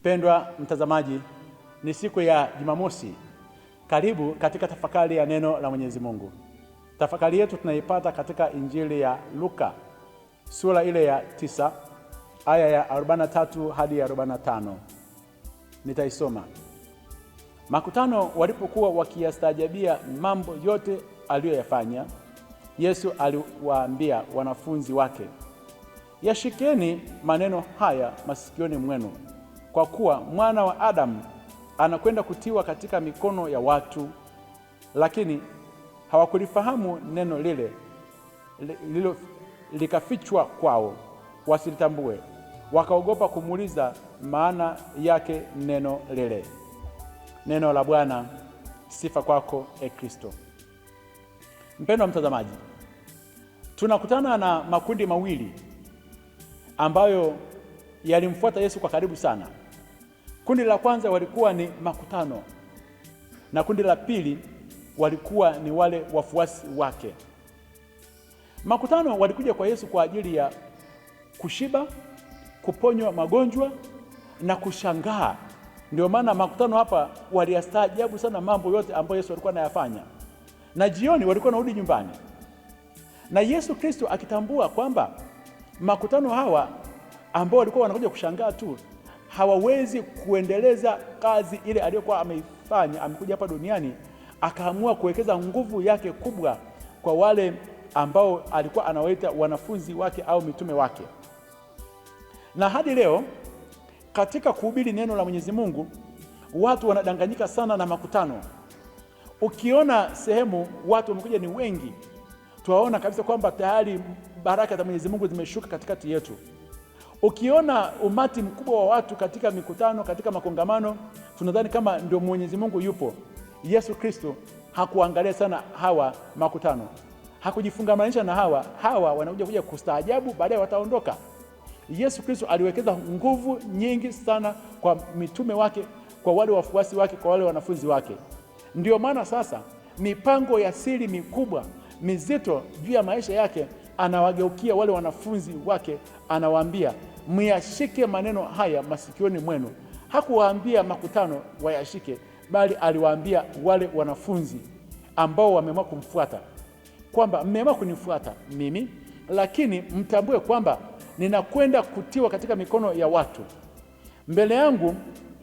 Mpendwa mtazamaji, ni siku ya Jumamosi. Karibu katika tafakari ya neno la Mwenyezi Mungu. Tafakari yetu tunaipata katika Injili ya Luka sura ile ya tisa aya ya 43 hadi ya 45. Nitaisoma. Makutano walipokuwa wakiyastaajabia mambo yote aliyoyafanya, Yesu aliwaambia wanafunzi wake, yashikeni maneno haya masikioni mwenu kwa kuwa mwana wa Adamu anakwenda kutiwa katika mikono ya watu. Lakini hawakulifahamu neno lile lilo likafichwa kwao, wasilitambue, wakaogopa kumuuliza maana yake neno lile. Neno la Bwana. Sifa kwako e Kristo. Mpendwa mtazamaji, tunakutana na makundi mawili ambayo yalimfuata Yesu kwa karibu sana. Kundi la kwanza walikuwa ni makutano na kundi la pili walikuwa ni wale wafuasi wake. Makutano walikuja kwa Yesu kwa ajili ya kushiba, kuponywa magonjwa na kushangaa. Ndio maana makutano hapa waliyastaajabu sana mambo yote ambayo Yesu alikuwa anayafanya, na jioni walikuwa wanarudi nyumbani, na Yesu Kristo akitambua kwamba makutano hawa ambao walikuwa wanakuja kushangaa tu, hawawezi kuendeleza kazi ile aliyokuwa ameifanya, amekuja hapa duniani akaamua kuwekeza nguvu yake kubwa kwa wale ambao alikuwa anawaita wanafunzi wake au mitume wake. Na hadi leo katika kuhubiri neno la Mwenyezi Mungu watu wanadanganyika sana na makutano. Ukiona sehemu watu wamekuja ni wengi, tuwaona kabisa kwamba tayari baraka za Mwenyezi Mungu zimeshuka katikati yetu. Ukiona umati mkubwa wa watu katika mikutano, katika makongamano, tunadhani kama ndio Mwenyezi Mungu yupo. Yesu Kristo hakuangalia sana hawa makutano, hakujifungamanisha na hawa. Hawa wanakuja kuja kustaajabu, baadaye wataondoka. Yesu Kristo aliwekeza nguvu nyingi sana kwa mitume wake, kwa wale wafuasi wake, kwa wale wanafunzi wake. Ndiyo maana sasa mipango ya siri mikubwa mizito juu ya maisha yake anawageukia wale wanafunzi wake, anawaambia myashike maneno haya masikioni mwenu. Hakuwaambia makutano wayashike, bali aliwaambia wale wanafunzi ambao wameamua kumfuata kwamba mmeamua kunifuata mimi, lakini mtambue kwamba ninakwenda kutiwa katika mikono ya watu. Mbele yangu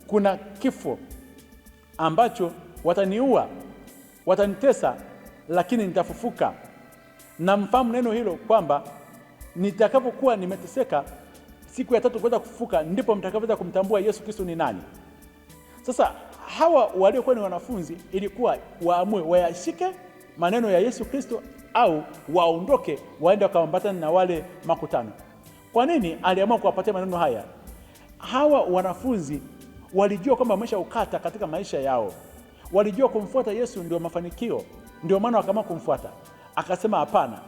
kuna kifo ambacho wataniua, watanitesa, lakini nitafufuka. Na mfahamu neno hilo kwamba nitakapokuwa nimeteseka siku ya tatu kuweza kufufuka, ndipo mtakavyoweza kumtambua Yesu Kristo ni nani. Sasa hawa waliokuwa ni wanafunzi ilikuwa waamue wayashike maneno ya Yesu Kristo au waondoke waende wakaambatana na wale makutano. Kwa nini aliamua kuwapatia maneno haya? Hawa wanafunzi walijua kwamba wamesha ukata katika maisha yao, walijua kumfuata Yesu ndio mafanikio, ndio maana wakaamua kumfuata. Akasema hapana,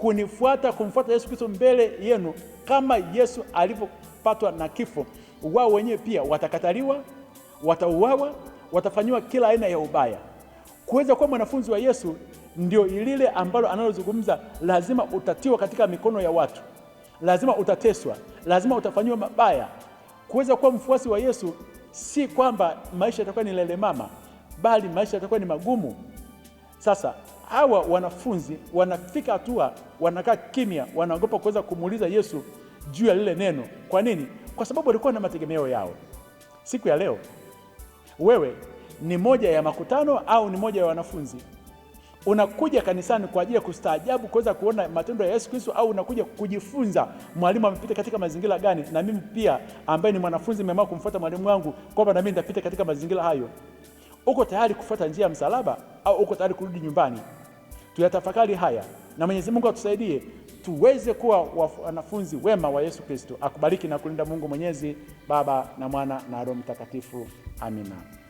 kunifuata, kumfuata Yesu Kristo mbele yenu kama Yesu alivyopatwa na kifo, wao wenyewe pia watakataliwa, watauawa, watafanyiwa kila aina ya ubaya. Kuweza kuwa mwanafunzi wa Yesu ndio ilile ambalo analozungumza, lazima utatiwa katika mikono ya watu, lazima utateswa, lazima utafanyiwa mabaya. Kuweza kuwa mfuasi wa Yesu si kwamba maisha yatakuwa ni lelemama, bali maisha yatakuwa ni magumu. Sasa hawa wanafunzi wanafika hatua wanakaa kimya, wanaogopa kuweza kumuuliza Yesu juu ya lile neno. Kwa nini? Kwa sababu walikuwa na mategemeo yao. Siku ya leo wewe ni moja ya makutano au ni moja ya wanafunzi? Unakuja kanisani kwa ajili ya kustaajabu kuweza kuona matendo ya Yesu Kristo, au unakuja kujifunza mwalimu amepita katika mazingira gani, na mimi pia ambaye ni mwanafunzi nimeamua kumfuata mwalimu wangu kwamba na mimi nitapita katika mazingira hayo? Uko tayari kufuata njia ya msalaba au uko tayari kurudi nyumbani? Tuyatafakari haya na Mwenyezi Mungu atusaidie tuweze kuwa wanafunzi wema wa Yesu Kristo. Akubariki na kulinda Mungu Mwenyezi, Baba na Mwana na Roho Mtakatifu. Amina.